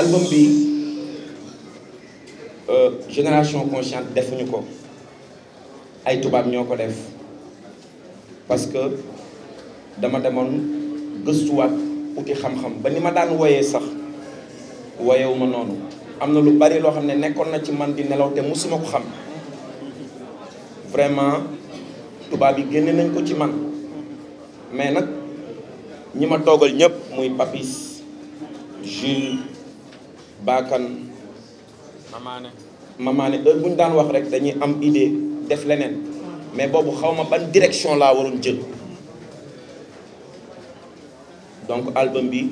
album bi euh, génération consciente defuñu ko ay tubab ñoko def parce que dama demoon gëstuwaat outil xam-xam ba ni ma daan woyé sax woyewu ma noonu am lu bari lo xamné ne na ci man di nelaw té musuma ko xam vraiment tubab bi génné nañ ko ci man mais nak ñima ma toogal muy Papis Jules baakan mamaane mamaane heure bu daan wax rek dañuy am idée def lenen mais bobu xawma ban direction la waroon jël donc album bi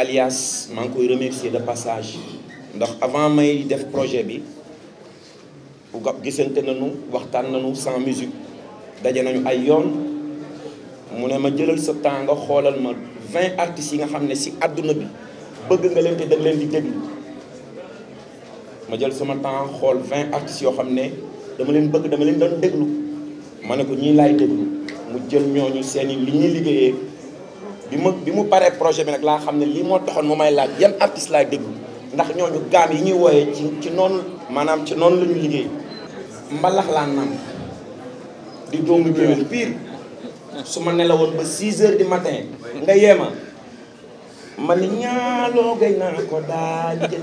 alias maa koy remercier de passage ndax avant may def projet bi bu gab gisante nañu waxtan nañu sans musique dajé nañu ay yoon mu ne ma jëlal sa temps nga xoolal ma 20 artistes yi nga xam ne si àdduna bi bëgg nga leen te da nga leen di déglu ma jël sama temps xool vingt artistes yoo xam ne dama leen bëgg dama leen doon déglu ma ne ko ñii laay déglu mu jël ñooñu i li ñuy liggéeyee bi ma bi mu paree projet bi nag laa xam ne lii moo taxoon mu may laaj yan artiste laay déglu ndax ñooñu gaam yi ñuy wooyee ci ci noonu maanaam ci noonu la ñu liggéey mbalax laa nam di doomu géwél pire su ma nelawoon ba 6 heures du matin nga yeema malinya lo gayna ko dalje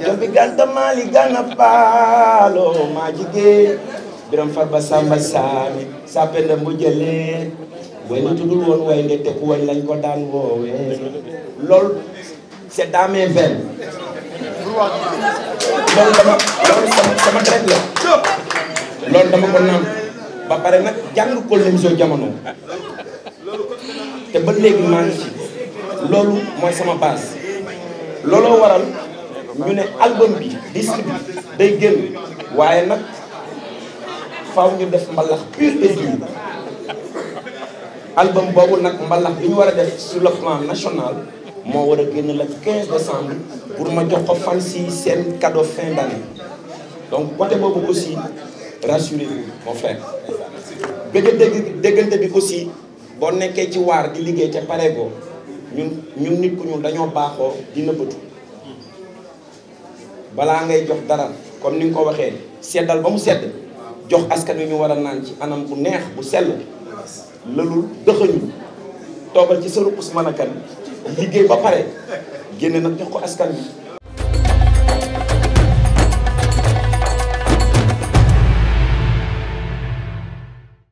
jombi ganta mali gana palo majige biram farba samba sami sapende mbujele wayne tudul won wayne tek way lañ ko daan wowe lol c'est dans mes veines lol dama lol sama trek dret la lol dama ko nam ba pare nak jang ko lim so jamono te ba man ci lolu moy sama base Lolo waral ñu né album bi disque bi day gën waye nak faaw ñu def mbalax pur et dur album bobu nak mbalax ñu a def sur le plan national mo wara gën le 15 décembre pour ma jox ko fan si seen cadeau fin d'année donc côté bobu aussi rassurez-vous mon frère gëj dégg déggante bi aussi bo nekkee ci waar di liggéey ca pareegoo ñun ñu nit ku ñuul dañoo baaxoo di nëbbatu balaa ngay jox dara kon ni nga ko waxee seddal ba mu sedd jox askan wi ñu war a naan ci anam bu neex bu sell lëlul dëxëñu toogal ci sa ruqus mën a kan liggéey ba pare génne nag jox ko askan wi